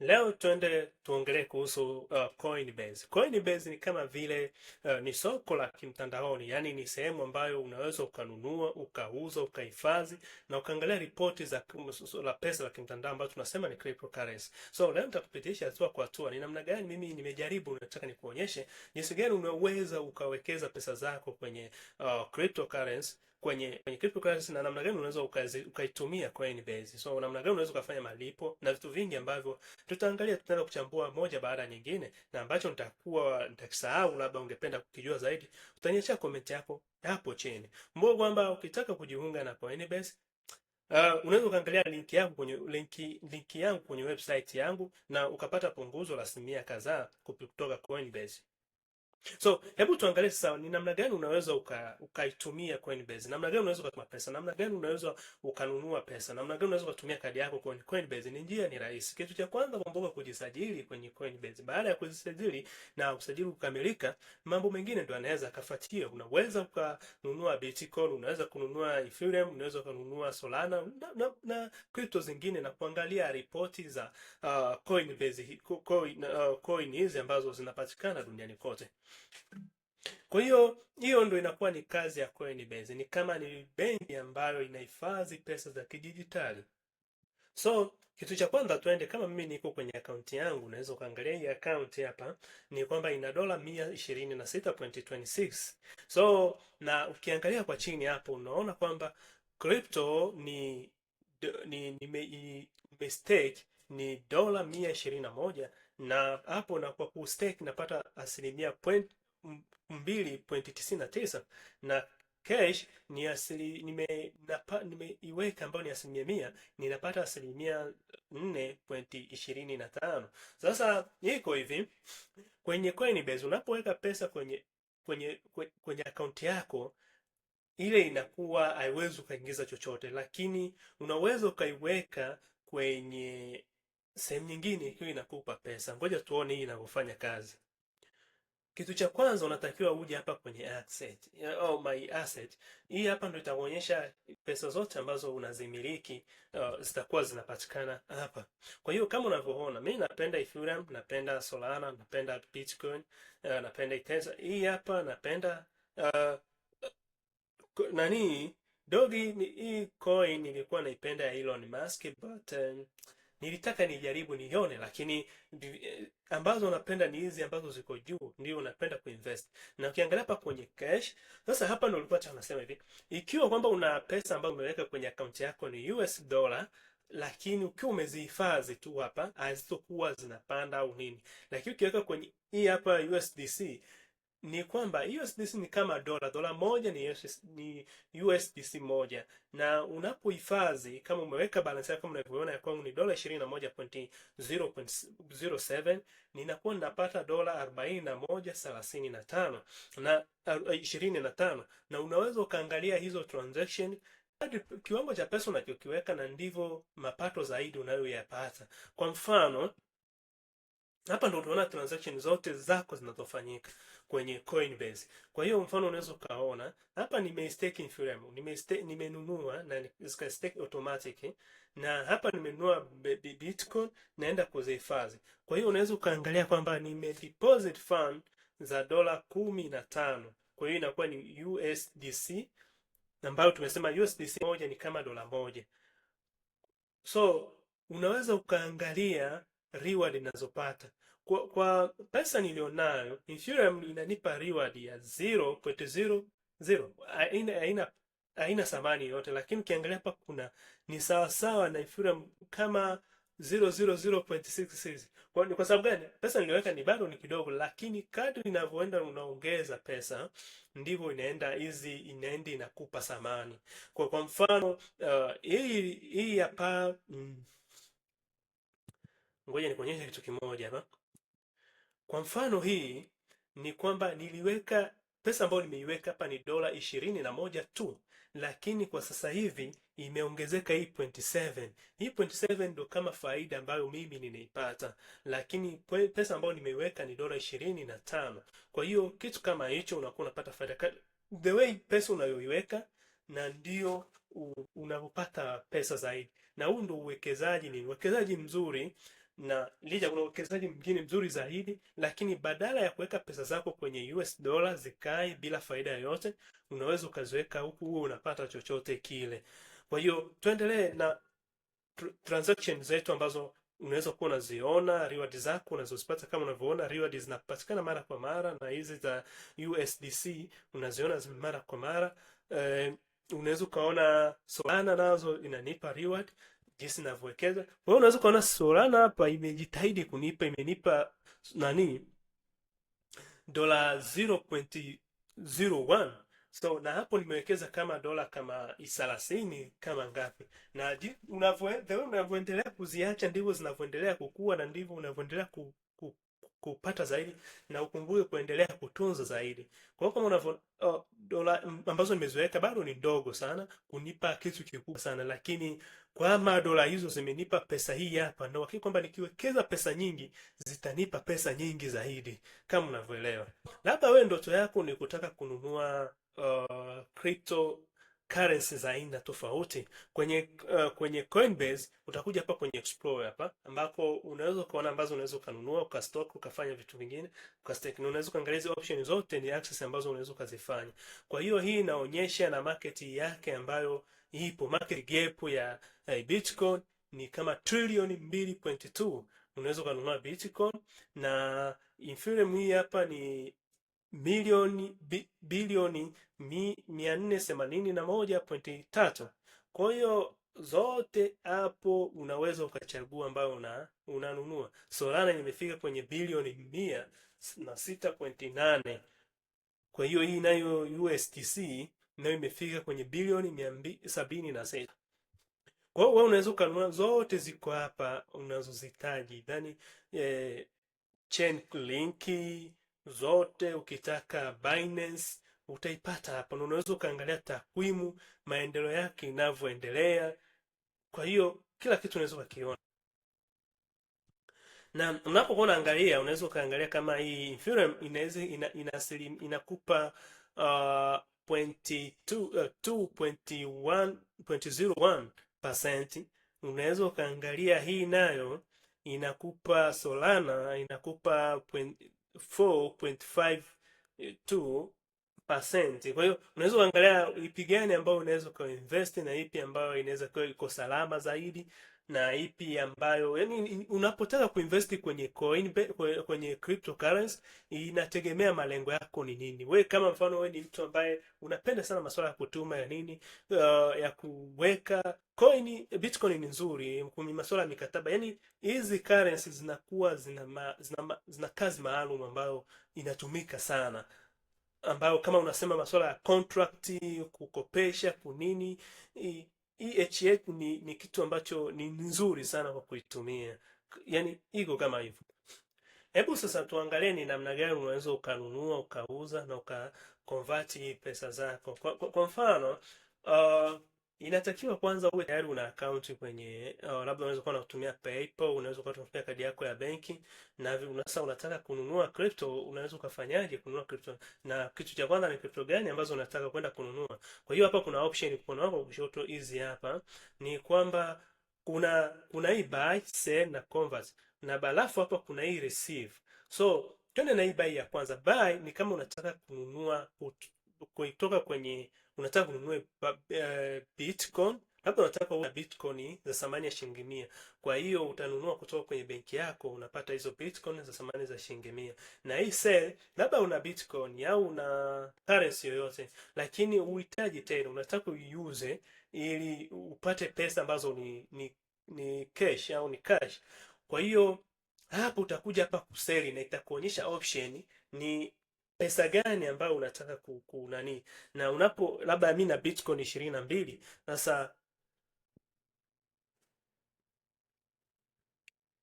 Leo tuende tuongelee kuhusu uh, Coinbase. Coinbase ni kama vile uh, ni soko la kimtandaoni, yaani ni sehemu ambayo unaweza ukanunua, ukauza, ukahifadhi na ukaangalia ripoti za la pesa la kimtandao ambayo tunasema ni cryptocurrency. So leo nitakupitisha hatua kwa hatua ni namna gani mimi nimejaribu, nataka nikuonyeshe jinsi gani unaweza ukawekeza pesa zako kwenye uh, cryptocurrency kwenye kwenye cryptocurrency na namna gani unaweza ukaitumia Coinbase. So namna gani unaweza ukafanya malipo na vitu vingi ambavyo tutaangalia, tutaenda kuchambua moja baada ya nyingine, na ambacho nitakuwa nitakisahau, labda ungependa kukijua zaidi, utaniachia comment yako hapo chini. Mbona kwamba ukitaka kujiunga na Coinbase Uh, unaweza ukaangalia linki yangu kwenye linki linki yangu kwenye website yangu na ukapata punguzo la asilimia kadhaa kutoka Coinbase. So hebu tuangalie sasa ni namna gani unaweza ukaitumia uka Coinbase. Namna gani unaweza ukatuma pesa? Namna gani unaweza ukanunua pesa? Namna gani unaweza ukatumia kadi yako kwenye Coinbase? Ni njia ni rahisi. Kitu cha kwanza kumbuka kujisajili kwenye Coinbase. Baada ya kujisajili na usajili kukamilika, mambo mengine ndio anaweza akafuatia. Unaweza ukanunua Bitcoin, unaweza kununua Ethereum, unaweza kununua Solana na, na, na crypto zingine na kuangalia ripoti za uh, ah, Coinbase coin, uh, coin hizi ambazo zinapatikana duniani kote. Kwa hiyo hiyo ndo inakuwa ni kazi ya Coinbase, ni kama ni benki ambayo inahifadhi pesa za kidijitali. So kitu cha kwanza tuende, kama mimi niko kwenye akaunti yangu, unaweza ukaangalia hii akaunti hapa, ni kwamba ina dola 126.26. So na ukiangalia kwa chini hapo, unaona kwamba crypto ni ni, ni, ni, ni mistake ni dola 121 na hapo na kwa kustake napata asilimia point mbili pointi tisini na tisa na cash ni asili nimeiweka ambayo ni asilimia mia ninapata asilimia nne pointi ishirini na tano. Sasa iko hivi kwenye Coinbase, unapoweka pesa kwenye kwenye kwenye akaunti yako ile inakuwa haiwezi ukaingiza chochote, lakini unaweza ukaiweka kwenye sehemu nyingine ikiwa inakupa pesa. Ngoja tuone hii inavyofanya kazi. Kitu cha kwanza unatakiwa uje hapa kwenye asset Oh, my asset. Hii hapa ndio itakuonyesha pesa zote ambazo unazimiliki uh, zitakuwa zinapatikana hapa. Kwa hiyo kama unavyoona, mimi napenda Ethereum, napenda Solana, napenda Bitcoin, uh, napenda Tezos. Hii hapa napenda uh, nani Dogi ni Hii coin nilikuwa naipenda ya Elon Musk but uh, nilitaka nijaribu nione, lakini eh, ambazo unapenda ni hizi ambazo ziko juu, ndio unapenda kuinvest. Na ukiangalia hapa kwenye cash, sasa hapa ndio ulikuwa tunasema hivi, ikiwa kwamba una pesa ambayo umeweka kwenye akaunti yako ni US dollar lakini ukiwa umezihifadhi tu hapa hazitokuwa zinapanda au nini, lakini ukiweka kwenye hii hapa USDC ni kwamba USDC ni kama dola. Dola moja ni, USDC, ni USDC moja, na unapohifadhi kama umeweka balance yako, mnavyoona ya kwangu ni dola 21.07, ninakuwa ninapata dola 41.35 na 25, uh, na unaweza ukaangalia hizo transaction hadi kiwango cha pesa unachokiweka, na ndivyo mapato zaidi unayoyapata. Kwa mfano hapa ndo unaona transaction zote zako zinazofanyika kwenye Coinbase. Kwa hiyo mfano unaweza ukaona hapa nimestake Ethereum, nimestake nimenunua na stake automatic na hapa nimenunua Bitcoin naenda kuzihifadhi. Kwa hiyo unaweza ukaangalia kwamba nime deposit fund za dola kumi na tano. Kwa hiyo inakuwa ni USDC ambayo tumesema USDC moja ni kama dola moja. So unaweza ukaangalia reward ninazopata kwa, kwa pesa nilionayo, Ethereum inanipa reward ya 0.00 aina haina thamani yote, lakini ukiangalia hapa kuna ni sawa sawa na Ethereum kama 0.00.66. Kwa, kwa sababu gani? Pesa niliweka ni bado ni kidogo, lakini kadri inavyoenda unaongeza pesa ndivyo inaenda hizi inaenda inakupa samani. Kwa kwa mfano uh, hii uh, hii hapa mm, Ngoja nikuonyeshe kitu kimoja hapa. Kwa mfano hii ni kwamba niliweka pesa ambayo nimeiweka hapa ni dola ishirini na moja tu, lakini kwa sasa hivi imeongezeka hii point Hii point seven ndo kama faida ambayo mimi ninaipata, lakini pesa ambayo nimeiweka ni dola ishirini na tano. Kwa hiyo kitu kama hicho unakuwa unapata faida the way pesa unayoiweka na ndio unavyopata pesa zaidi, na huu ndo uwekezaji. Ni uwekezaji mzuri na lija kuna uwekezaji mwingine mzuri zaidi, lakini badala ya kuweka pesa zako kwenye US dola zikae bila faida yoyote, unaweza ukaziweka huku, huo unapata chochote kile. Kwa hiyo tuendelee na tr transaction zetu ambazo unaweza kuwa unaziona reward zako unazozipata. Kama unavyoona reward zinapatikana mara kwa mara, na hizi za USDC unaziona mara kwa mara. Eh, unaweza ukaona Solana nazo inanipa reward jinsi ninavyowekeza. Kwa hiyo unaweza kuona Solana hapa imejitahidi kunipa, imenipa nani dola 0.01 so na hapo nimewekeza kama dola kama thelathini kama ngapi, na unavyoendelea kuziacha ndivyo zinavyoendelea kukua na ndivyo unavyoendelea ku kupata zaidi na ukumbuke kuendelea kutunza zaidi. Kwa hiyo kama unavyo oh, dola ambazo nimeziweka bado ni dogo sana kunipa kitu kikubwa sana, lakini kama dola hizo zimenipa pesa hii hapa, na uhakika kwamba nikiwekeza pesa nyingi zitanipa pesa nyingi zaidi, kama unavyoelewa. Labda wewe ndoto yako ni kutaka kununua uh, crypto currencies aina tofauti kwenye uh, kwenye Coinbase utakuja hapa kwenye explore hapa, ambako unaweza ukaona ambazo unaweza ukanunua ukastock ukafanya vitu vingine ukastake, na unaweza ukaangalia hizo option zote ni access ambazo unaweza ukazifanya. Kwa hiyo hii inaonyesha na market yake ambayo ipo, market gap ya uh, Bitcoin ni kama trilioni 2.2 unaweza ukanunua Bitcoin na Ethereum hii hapa ni milioni bi, bilioni mi, mia nne themanini na moja pointi tatu. Kwa hiyo zote hapo unaweza ukachagua ambayo una, unanunua. Solana imefika kwenye bilioni mia na sita pointi nane. Kwa hiyo hii nayo ustc nayo imefika kwenye bilioni mia mbili sabini na sita. Kwa hiyo wewe unaweza ukanunua zote, ziko hapa unazozitaji, yani eh, chain zote ukitaka Binance utaipata hapa, na unaweza ukaangalia takwimu maendeleo yake inavyoendelea. Kwa hiyo kila kitu unaweza ukakiona, na unapokuwa unaangalia, unaweza ukaangalia kama hii Ethereum inaweza ina, ina, ina, inakupa uh, 2.01% uh, unaweza ukaangalia hii nayo inakupa Solana inakupa 4.52%. Kwa hiyo unaweza kuangalia ipi gani ambayo unaweza ukainvesti na ipi ambayo inaweza kuwa iko salama zaidi na ipi ambayo yani, unapotaka kuinvesti kwenye coin kwenye cryptocurrency inategemea malengo yako ni nini. We kama mfano, we ni mtu ambaye unapenda sana masuala ya kutuma ya nini, uh, ya kuweka coin, Bitcoin ni nzuri kwenye masuala ya mikataba. Yani hizi currency zinakuwa zina, ma, zina, ma, zina kazi maalum ambayo inatumika sana ambayo kama unasema masuala ya contract, kukopesha, kunini i, hii ni, ni kitu ambacho ni nzuri sana kwa kuitumia, yaani iko kama hivyo. Hebu sasa tuangalie ni namna gani unaweza ukanunua ukauza na ukakonvert pesa zako. Kwa, kwa, kwa mfano uh, Inatakiwa kwanza uwe tayari una akaunti kwenye uh, labda unaweza kuwa unatumia PayPal, unaweza kuwa unatumia kadi yako ya benki, na sasa unataka kununua crypto, unaweza ukafanyaje kununua crypto? Na kitu cha kwanza ni crypto gani ambazo unataka kwenda kununua? Kwa hiyo hapa kuna option mkono wako kushoto, hizi hapa ni kwamba kuna kuna hii buy, sell na convert, na balafu hapa kuna hii receive. So twende na hii buy ya kwanza. Buy ni kama unataka kununua kuitoka kwenye unataka kununua uh, Bitcoin labda unataka uwe Bitcoin za thamani ya shilingi mia. Kwa hiyo utanunua kutoka kwenye benki yako, unapata hizo Bitcoin za thamani za shilingi mia. Na hii sell, labda una Bitcoin au una currency yoyote, lakini uhitaji tena, unataka uiuze ili upate pesa ambazo ni ni, ni cash au ni cash. Kwa hiyo hapo utakuja hapa kuseli na itakuonyesha option ni pesa gani ambayo unataka kunani, na unapo labda mimi na Bitcoin ishirini na mbili sasa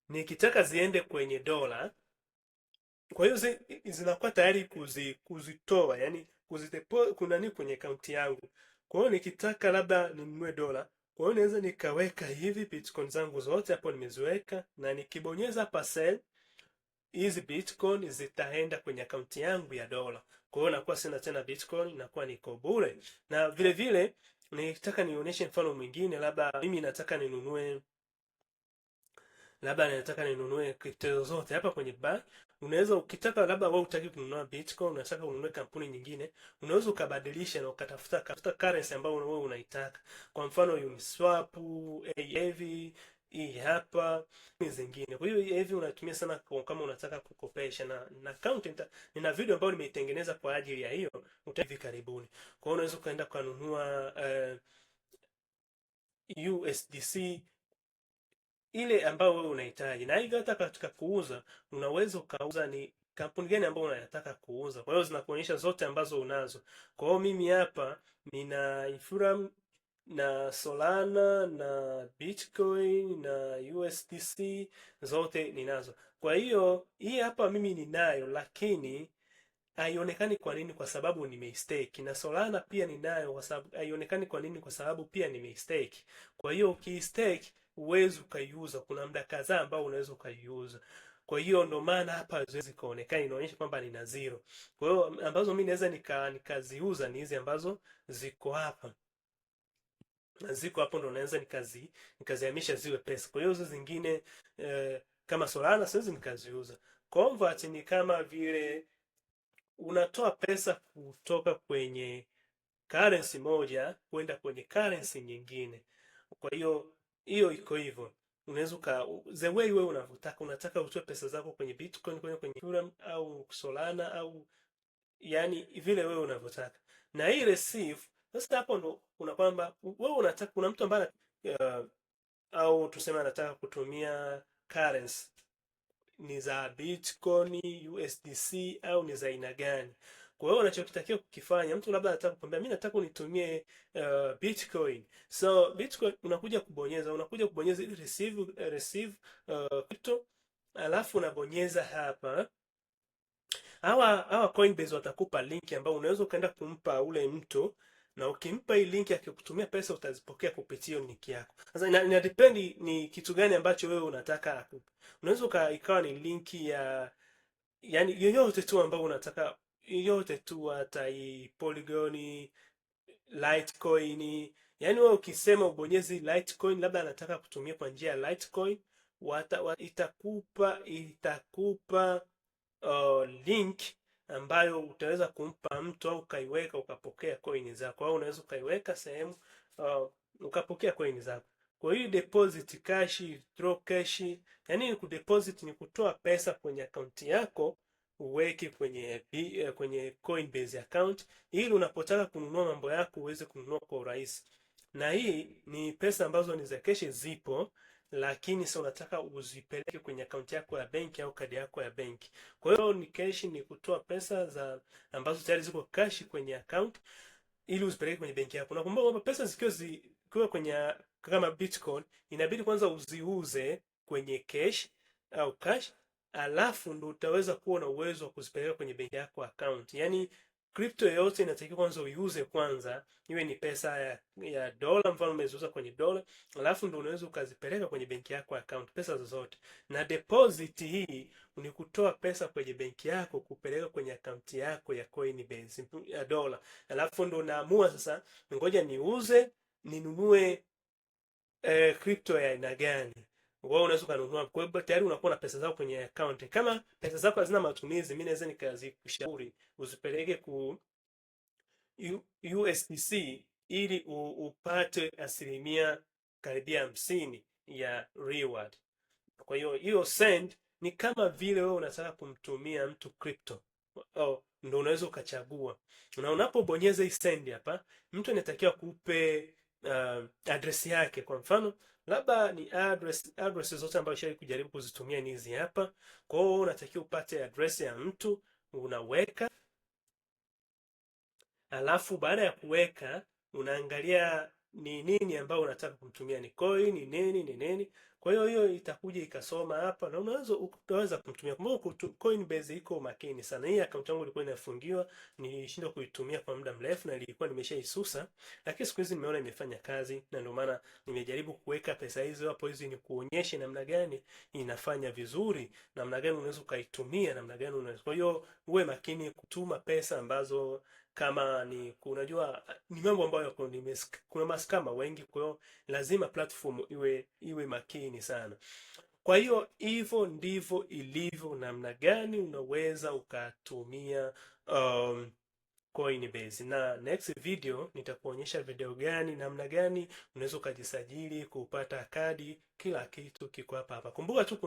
nikitaka ziende kwenye dola, kwa hiyo zi, zinakuwa tayari kuzi, kuzitoa yani kuzitepo, kunani kwenye akaunti yangu. Kwa hiyo nikitaka labda ninunue dola, kwa hiyo naweza nikaweka hivi Bitcoin zangu zote hapo nimeziweka, na nikibonyeza pasel, hizi bitcoin zitaenda kwenye akaunti yangu ya dola. Kwa hiyo nakuwa sina tena bitcoin, inakuwa niko bure. Na vile vile nitaka nionyeshe mfano mwingine, labda mimi nataka ninunue labda nataka ninunue crypto zote hapa kwenye bank. Unaweza ukitaka, labda wewe utaki kununua bitcoin, unataka ununue kampuni nyingine, unaweza ukabadilisha na ukatafuta currency ambayo wewe unaitaka, kwa mfano Uniswap, AAV, hii hapa ni zingine. Kwa hiyo hivi unatumia sana kama unataka kukopesha na na account nina video ambayo nimeitengeneza kwa ajili ya hiyo utavi karibuni. Kwa hiyo unaweza ukaenda kununua uh, eh, USDC ile ambayo wewe unahitaji, na hiyo hata katika kuuza unaweza ukauza ni kampuni gani ambayo unayataka kuuza. Kwa hiyo zinakuonyesha zote ambazo unazo. Kwa hiyo mimi hapa nina Ethereum na Solana na Bitcoin na USDC zote ninazo. Kwa hiyo hii hapa mimi ninayo, lakini haionekani kwa nini? Kwa sababu nimeistake. Na Solana pia ninayo, kwa sababu haionekani kwa nini? Kwa sababu pia nimeistake. Kwa hiyo ukiistake uwezi ukaiuza, kuna muda kadhaa ambao unaweza ukaiuza. Kwa hiyo ndo maana hapa haziwezi kuonekana, inaonyesha kwamba nina zero. Kwa hiyo ambazo mimi naweza nikaziuza nika ni hizi ambazo ziko hapa na ziko hapo, ndo naweza nikazi nikazihamisha ziwe pesa. Kwa hiyo hizo zingine eh, kama Solana siwezi nikaziuza. Convert ni kama vile unatoa pesa kutoka kwenye currency moja kwenda kwenye currency nyingine. Kwa hiyo hiyo iko hivyo, unaweza ka the way wewe unavyotaka, unataka utoe pesa zako kwenye Bitcoin kwenye kwenye Ethereum au Solana au yani vile wewe unavyotaka, na hii receive sasa hapo ndo kuna kwamba wewe unataka, kuna mtu ambaye uh, au tuseme anataka kutumia currency ni za Bitcoin, USDC au ni za aina gani? Kwa hiyo unachokitakiwa kukifanya, mtu labda anataka kukwambia mimi nataka unitumie uh, Bitcoin. So Bitcoin unakuja kubonyeza, unakuja kubonyeza ili receive uh, receive uh, crypto, alafu unabonyeza hapa. Hawa hawa Coinbase watakupa link ambayo unaweza ukaenda kumpa ule mtu na ukimpa hii link akikutumia pesa utazipokea kupitia link yako. Sasa ina, ina depend ni kitu gani ambacho wewe unataka akupe. Unaweza ikawa ni link ya yani yoyote tu ambayo unataka yoyote tu, hata Polygon, Litecoin. Yani wewe ukisema ubonyezi Litecoin, labda anataka kutumia kwa njia ya Litecoin, wata, wata, itakupa itakupa uh, link ambayo utaweza kumpa mtu au ukaiweka ukapokea coin zako, au unaweza ukaiweka sehemu uh, ukapokea coin zako. Kwa hiyo deposit cash, withdraw cash, yani ni kudeposit ni kutoa pesa kwenye akaunti yako uweke kwenye eh, kwenye Coinbase account ili unapotaka kununua mambo yako uweze kununua kwa urahisi. Na hii ni pesa ambazo ni za cash zipo lakini sasa unataka uzipeleke kwenye akaunti yako ya benki au kadi yako ya benki. Kwa hiyo ni cash, ni kutoa pesa za ambazo tayari ziko cash kwenye account ili uzipeleke kwenye benki yako. Nakumbuka kwamba pesa zikiwa zikiwa kwenye kama Bitcoin inabidi kwanza uziuze kwenye cash au cash, alafu ndo utaweza kuwa na uwezo wa kuzipeleka kwenye benki yako account, yaani Kripto yoyote inatakiwa kwanza uiuze kwanza, iwe ni pesa ya, ya dola, mfano umeziuza kwenye dola, alafu ndio unaweza ukazipeleka kwenye benki yako account, pesa zozote. Na deposit hii ni kutoa pesa kwenye benki yako kupeleka kwenye akaunti yako ya Coinbase ya dola, alafu ndio unaamua sasa, ngoja niuze ninunue eh, crypto ya aina gani? wewe unaweza kununua. Kwa hiyo tayari unakuwa na pesa zako kwenye account. Kama pesa zako hazina matumizi, mimi naweza nikazikushauri uzipeleke ku USDC ili upate asilimia karibia hamsini ya reward. Kwa hiyo hiyo send ni kama vile wewe unataka kumtumia mtu crypto oh, ndo unaweza ukachagua, na unapobonyeza hii send hapa, mtu anatakiwa kupe uh, address yake. Kwa mfano labda ni address, address zote ambazo shai kujaribu kuzitumia ni hizi hapa. Kwa hiyo unatakiwa upate address ya mtu unaweka, alafu baada ya kuweka unaangalia ni nini ambayo unataka kumtumia, ni coin, ni nini ni nini kwa hiyo hiyo itakuja ikasoma hapa na unaweza utaweza kumtumia. Kumbuka Coinbase iko makini sana. Hii account yangu ilikuwa inafungiwa, nilishindwa kuitumia kwa muda mrefu na ilikuwa nimeshaisusa, lakini siku hizi nimeona imefanya kazi na ndio maana nimejaribu kuweka pesa hizo hapo. Hizi ni kuonyesha namna gani inafanya vizuri, namna gani unaweza ukaitumia, namna gani unaweza. Kwa hiyo uwe makini kutuma pesa ambazo kama ni unajua, ni mambo ambayo kuna maskama wengi, kwa hiyo lazima platform iwe iwe makini sana. Kwa hiyo hivyo ndivyo ilivyo, namna gani unaweza ukatumia um, Coinbase. Na next video nitakuonyesha video gani, namna gani unaweza ukajisajili kupata kadi, kila kitu kiko hapa hapa. Kumbuka tu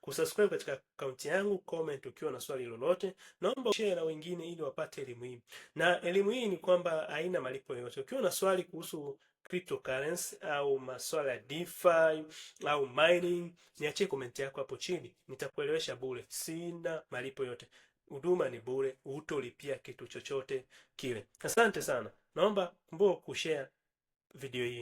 kusubscribe katika akaunti yangu, comment ukiwa na swali lolote, naomba share na wengine ili wapate elimu hii. Na elimu hii ni kwamba haina malipo yoyote. Ukiwa na swali kuhusu cryptocurrency au masuala ya DeFi au mining, niachie comment yako hapo chini, nitakuelewesha bure, sina malipo yote huduma ni bure, hutolipia kitu chochote kile. Asante sana, naomba kumbuka kushare video hii.